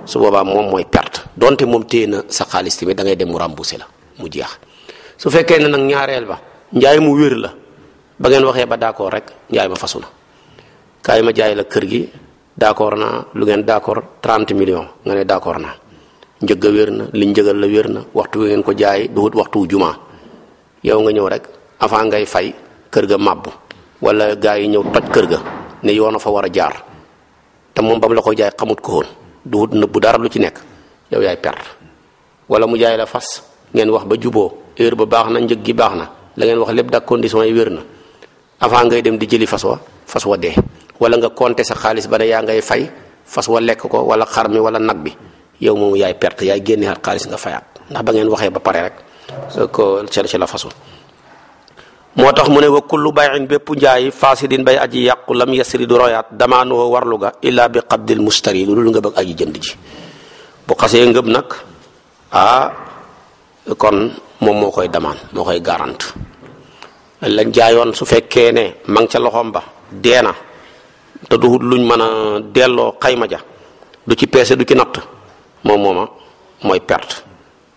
su boobaa moom mooy perte donte moom téye na sa xaalis tamit da ngay dem mu remboursé la mu jeex su fekkee ne nag ñaareel ba njaay mu wér la ba ngeen waxee ba d'accord rek njaay ma fasu na kaay ma jaay la kër gi d'accord naa lu ngeen d'accord 30 millions nga ne d'accord naa njëgg a wér na li njëgal la wér na waxtu wi ngeen ko jaay duhut waxtu wu jumaa yow nga ñëw rek avant ngay fay kër ga màbbu wala gaa yi ñëw toj kër ga ne yoon a fa war a jaar te moom ba mu la ko jaay xamut ko woon duhut nëbbu dara lu ci nekk yow yaay perte wala mu jaay la fas ngeen wax ba juboo heure ba baax na njëg gi baax na la ngeen wax lépp dak condition yi wér na avant ngay dem di jëli fas wa fas wa dee wala nga compter sa xaalis ba ne yaa ngay fay fas wa lekk ko wala xar mi wala nag bi yow moomu yaay perte yaay génne at xaalis nga fayaat ndax ba ngeen waxee ba pare rek ko ci la façon moo tax mu ne wa kullu bayin bépp njaay fasidin bay aji yàqu lam yasri du royaat damaanoo warlu illa illaa bi qabdil mustari lu dul nga bëgg aji jënd ji bu xasee ngëb nag ah kon moom moo koy damaan moo koy garant lañ jaayoon su fekkee ne ma ca loxoom ba deena te du luñ mën a delloo xayma ja du ci peese du ci natt moom mooma mooy perte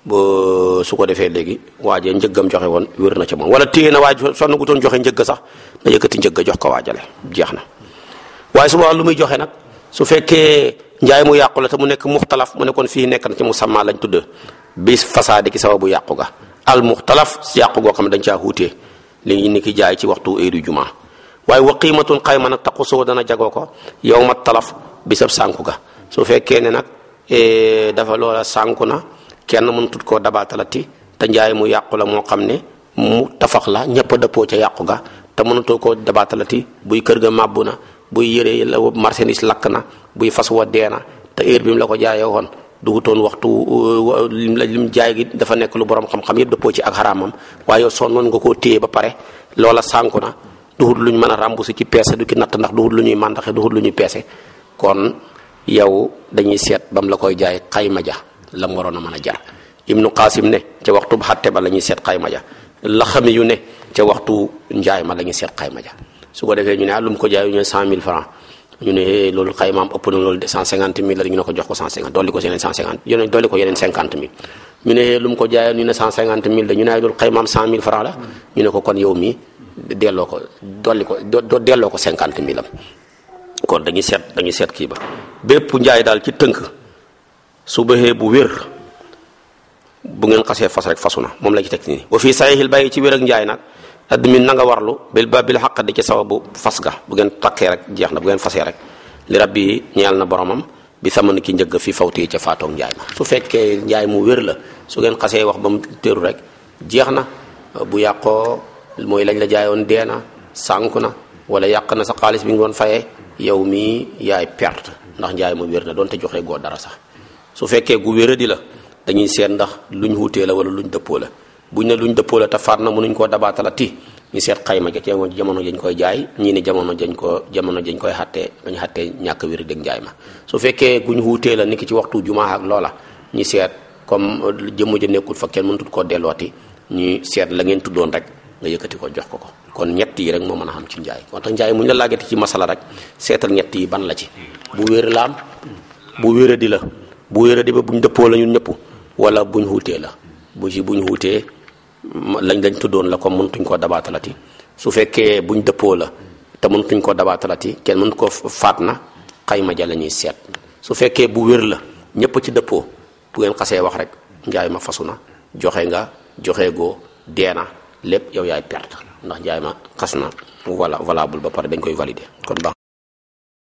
boo su ko defee léegi waajee njëggam joxe woon wér na ci moom wala téye na waaj sonn gu doon joxe njëgg sax na yëkkati njëgg jox ko waajale jeex na waaye su boobaa lu muy joxe nag su fekkee njaay mu yàqu la te mu nekk muxtalaf mu nekkoon fii nekk na ci musamma lañ tudd bis fasaade ki sababu yàqu ga al muxtalaf si yàqu goo xam ne dañ caa wuute li ñu ni ki jaay ci waxtu heure juma waaye wa qiimatun xayma nag taqusoo dana jagoo ko yow ma talaf bisab sànku ga nag E dafa loola sànku na kenn mënatut koo dabaatalati te njaay mu yàqu la moo xam ne mu tafax la ñëpp a dëppoo ca yàqu ga te mënatoo koo dabaatalati buy kër ga màbbu na buy yëre la marchandise lakk na buy fas wa dee na te heure bi mu la ko jaayee woon dugutoon waxtu euh, lim lim jaay gi dafa nekk lu borom xam-xam yëpp dëppoo ci ak xaraamam waaye yow sonnoon nga koo téye ba pare loola sanku na duhut ñu mën a ràmbu si ci peese du ki natt ndax duhut lu ñuy màndaxe duhut lu ñuy peese kon yow dañuy seet bam la koy jaay xayma ja la waroon a mën a jar ibnu qaasim ne ca waxtu xatte ba la ñuy seet xayma ja laxami yu ne ca waxtu njaay ma la ñuy seet xayma ja su ko defee ñu ne ah lu mu ko jaay ñu cent mille francs ñu ne eh, loolu xaymaam ëpp na loolu de cent cinquante mille la ñu ne ko jox ko cent cinquante dolli ko yeneen cent ko yeneen cinquante mille ñu ne eh, lu mu ko jaayee ñu ne ñu ne loolu xaymaam cent mille francs la ñu ne ko kon yow mii delloo ko dolli ko delloo ko cinquante mille am kon dañuy seet dañuy seet kii ba bépp njaay daal ci tënk su baxee bu wér bu ngeen xasee fas rek fasu na moom la ci teg nii wa fii saxiixil bàyyi ci wér ak njaay nag admin nanga nga warlu bil ba la xaq di ci bu fas ga bu ngeen takkee rek jeex na bu ngeen fasee rek bi ñeel na boromam bi saman ki njëgg fi fawti ca faatoog njaay ma su fekkee njaay mu wér la su ngeen xasee wax ba mu téeru rek jeex na bu yàqoo mooy lañ la jaayoon dee na sànku na wala yàq na sa xaalis bi nga doon fayee yow mii yaay perte ndax njaay moom wér na doon te jox rek goo dara sax su fekkee gu wéradi la dañuy seet ndax lu ñu wutee la wala luñ dëppoo la buñ ne lu luñ dëppoo la te faat na mënuñ koo dabaatala ti ñu seet xayma ja teewoon jamono jañ koy jaay ñii ne jamono jañ ko jamono jañ koy xattee dañ xattee ñàkk wéri dëgg njaay ma su fekkee guñ wutee la ni ki ci waxtu jumaa ak loola ñu seet comme jëmm ja nekkul fa kenn mënut koo dellooti ñuy seet la ngeen tuddoon rek nga yëkkati ko jox ko ko kon ñett yi rek moo mën a xam ci njaay kon tax njaay mu ñu la laajati ci masala rek seetal ñett yi ban la ci bu wér la am bu wéradi la bu wéradi ba buñ dëppoo lañu ñëpp wala buñ xuutee la bu ci buñ xuutee lañ lañ tuddoon la ko mëntuñ koo dabaatalati su fekkee buñ dëppoo la te mëntuñ koo dabaatalati kenn mënut ko faat na xayma ja la ñuy seet su fekkee bu wér la ñëpp ci dëppoo bu ngeen xasee wax rek njaay ma fasu na joxe nga joxe goo deena lépp yow yaay perte ndax jaay ma xas na voilà valable ba pare dañ koy valider kon baax